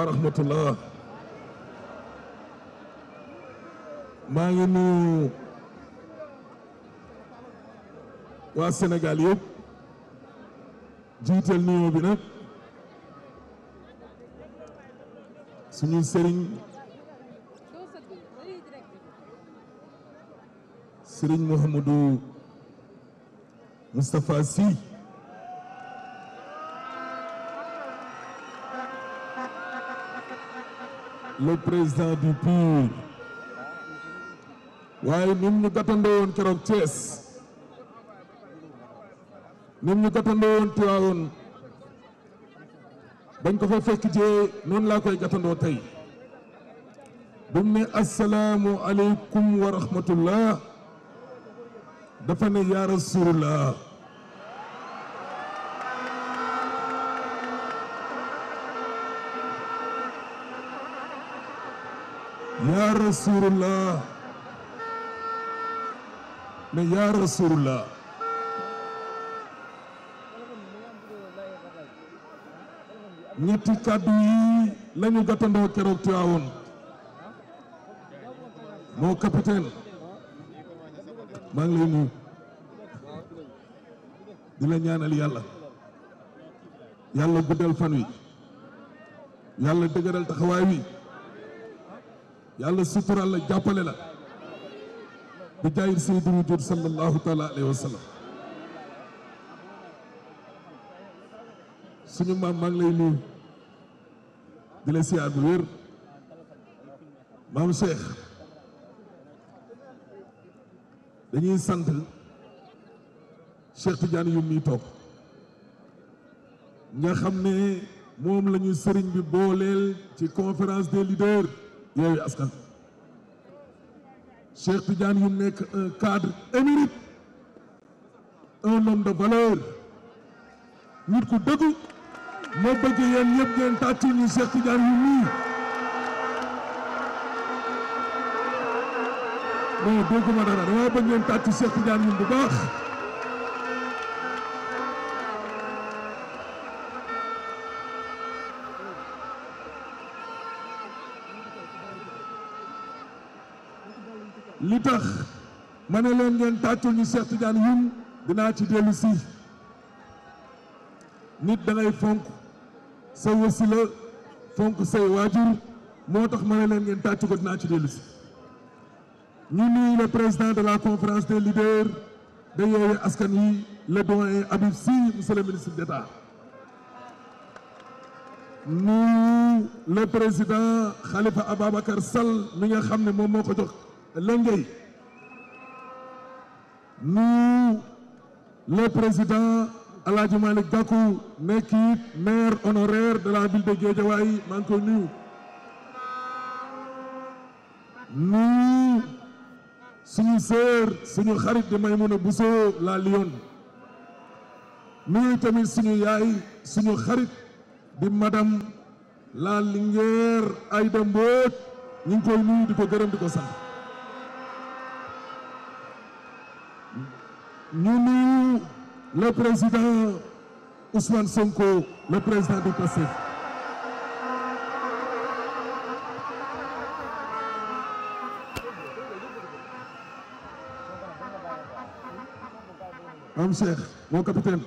wa rahmatullah maa ngi nu waa Sénégal yëpp jiital nuyoo bi nag suñu sëriñ sëriñ Mouhamadou Moustapha Sy le président du PUR waaye nim ñu gàttandoo woon keroog Thiès nim ñu gàttandoo woon Tiwaawoon bañ ko fa fekk jee noonu laa koy gàttandoo tey bu mu ne asalaamu aleykum wa dafa ne yaa rasulullah yaa rasulullah ne yaa rasulullah ñetti kàddu yi lañu gàttandoo keroog Tiwaawoon moo capitaine maa lay nuyu di ñaanal yàlla yàlla guddal fan wi yàlla dëgëral taxawaay wi yàlla sutural la jàppale la bi jaayir saydi wujud sallallahu taala alayhi wa sallam suñu maam maa lay nuyu di la siyaar bu wér maam Cheikh dañuy sant Cheikh Tidiane yu muy toog nga xam ne moom la sëriñ bi booleel ci conférence des leaders Yewwi Askan Cheikh Tidiane yu nekk cadre émérite un de valeur nit ku dëggu moo bëgg yéen ñëpp ngeen tàccu ñu Cheikh Tidiane yu nii non dégguma dara dama bëgg ngeen tàccu Cheikh baax li tax ma ne leen ngeen tàccul ñu Cheikh Tidiane Youm dinaa ci dellu si nit da fonk sa wasila fonk say waajur moo tax ma ne leen ngeen tàccu ko dinaa ci dellu ñu nuyu le président de la conférence des leaders de Yewwi Askan Wi le doyen Habib Sy monsieur le ministre d'État nuyu le président Khalifa Ababacar Sall mi nga xam ne moom moo ko jox Lengueï. Nous, le président Aladji Malick Gakou nekk it maire honoraire de la ville de maa ngi koy nuyu. Nous, suñu sœur suñu xarit di Maïmouna Bousso la Lyon. Nuyu tamit suñu yaay suñu xarit di madame la Linguère Aïda Mbodj ñu ngi koy nuyu di ko gërëm di ko sant. ñu nuyu le président Ousmane Sonko le président du PASTEF am Cheikh mon capitaine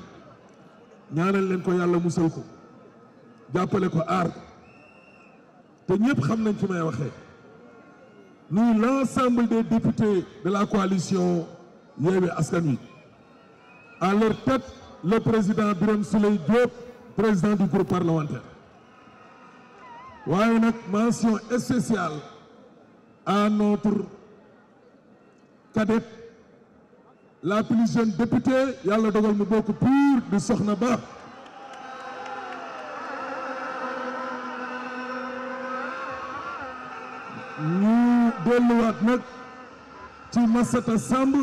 ñaanal leen ko yàlla musal ko jàppale ko aar te ñëpp xam nañ fi may waxee nous l'ensemble des députés de la coalition Yewwi Askan Wi À le président Birame Souleye Diop, président du groupe parlementaire. waaye nag mention spéciale à notre cadette la plus jeune yàlla dogal mu bokk Pur di Soxna Ba. ñu delluwaat nag ci Massata Samb.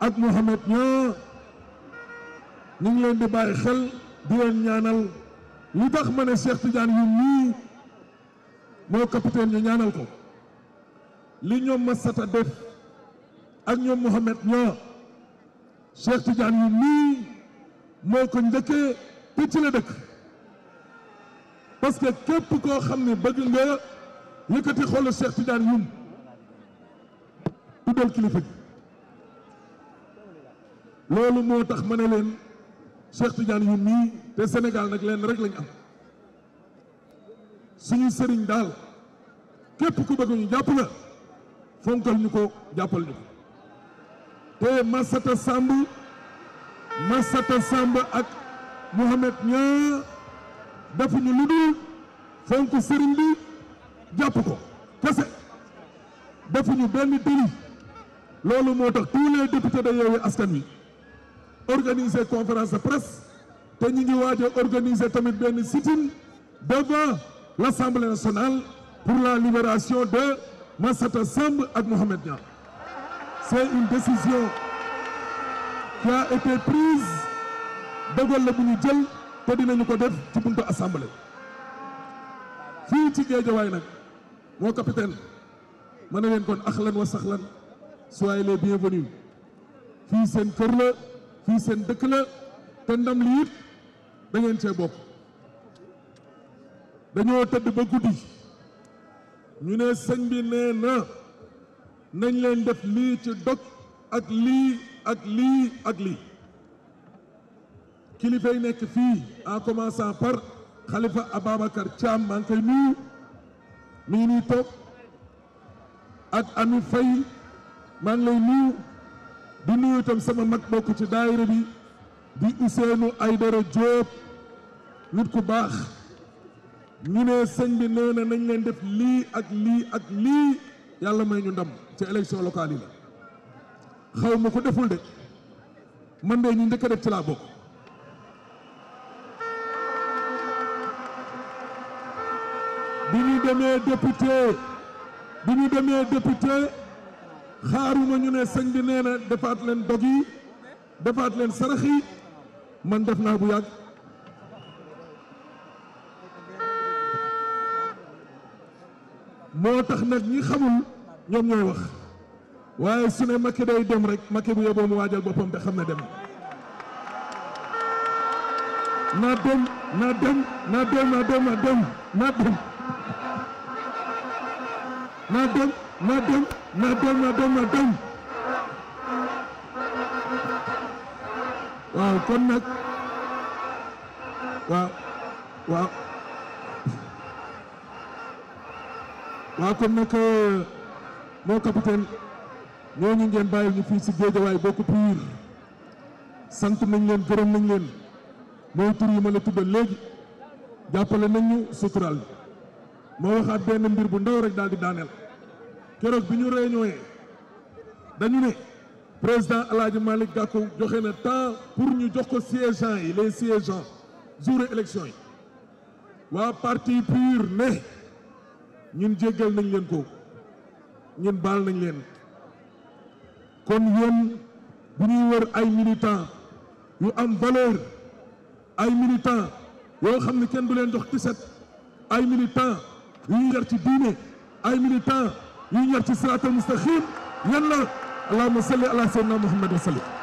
ak Mouhamed ñoo ñu ngi leen di bàyyi xel di leen ñaanal li tax ma ne Cheikh Tidiane yu nii moo capitaine ñu ñaanal ko li ñoom Massata def ak ñoom Mouhamed ñoo Cheikh Tidiane yu nii moo ko njëkkee te ci la dëkk parce que képp koo xam ne bëgg nga yëkkati xolu Cheikh Tidiane yum tuddal kilifa gi loolu moo tax ma ne leen Cheikh Tidiane yu nii te Sénégal nag leen rek lañ am suñu sëriñ daal képp ku bëgg ñu jàpp la fonkal ñu ko jàppal ñu ko te Massata Samb Massata Samb ak Mouhamed ñaa defuñu lu dul fonk sëriñ bi jàpp ko kese defuñu benn délit loolu moo tax tous les députés de Yewwi Askan Wi organiser conférence de presse te ñu ngi waaj a tamit benn sit-in devant l'Assemblée nationale pour la libération de Massata Samb ak Mohamed Niang c'est une décision qui a été prise dogal la bu ñu jël te dinañu ko def ci buntu assemblée fii ci Guédiawaye nag moo capitaine ma ne leen kon axlan wa saxlan soyez les bienvenus fii seen kër la fii seen dëkk la te ndam li it da ngeen dañoo tëdd ba guddi ñu ne sëñ bi nee na nañ leen def lii ci dog ak lii ak lii ak lii kilifa nekk fii en commençant par Khalifa Ababacar Thiam maa ngi koy nuyu mi nuy toog ak Ami Faye maa lay nuyu di nuyu sama mag bokk ci daayira bi di Ousseynou Aydara Diop nit ku baax ñu ne sëñ bi nee na nañ leen def lii ak lii ak lii yàlla may ñu ndam ci élection locale yi la xaw ko deful de man de ñu njëkk def ci laa bokk bi ñu demee député bi ñu demee député xaaruma ñu ne sëñ bi nee defaat leen dog yi defaat leen sarax yi man def naa bu yàgg moo tax nag ñi xamul ñoom ñooy wax waaye su ne Macky day dem rek Macky bu yóbboo waajal boppam te xam ne dem naa dem naa dem naa dem naa dem na dem na dem na dem waaw kon nag waaw waaw waaw kon nag mon euh, capitaine ñooñu ngeen bàyyi ñu fii si géejawaay bokk piir sant nañ leen gërëm nañ leen mooy tur yi ma la tuddal léegi jàppale nañ ñu sutural moo waxaat benn mbir bu ndaw rek daal daaneel keroog bi ñu réunion dañu ne président El Hadj Malick joxe na temps pour ñu jox ko siégeants yi les siégeants jour élection yi waa parti PUR ne ñun jéggal nañ leen ko ñun baal nañ leen kon yéen bu ñuy wër ay militants yu am valeur ay militants yoo xam ne kenn du leen jox tiset ay militants yu ñu ci diine ay militants ñu ñor ci siraatal mustaqim yan la allahumma salli ala sayyidina muhammad wa sallim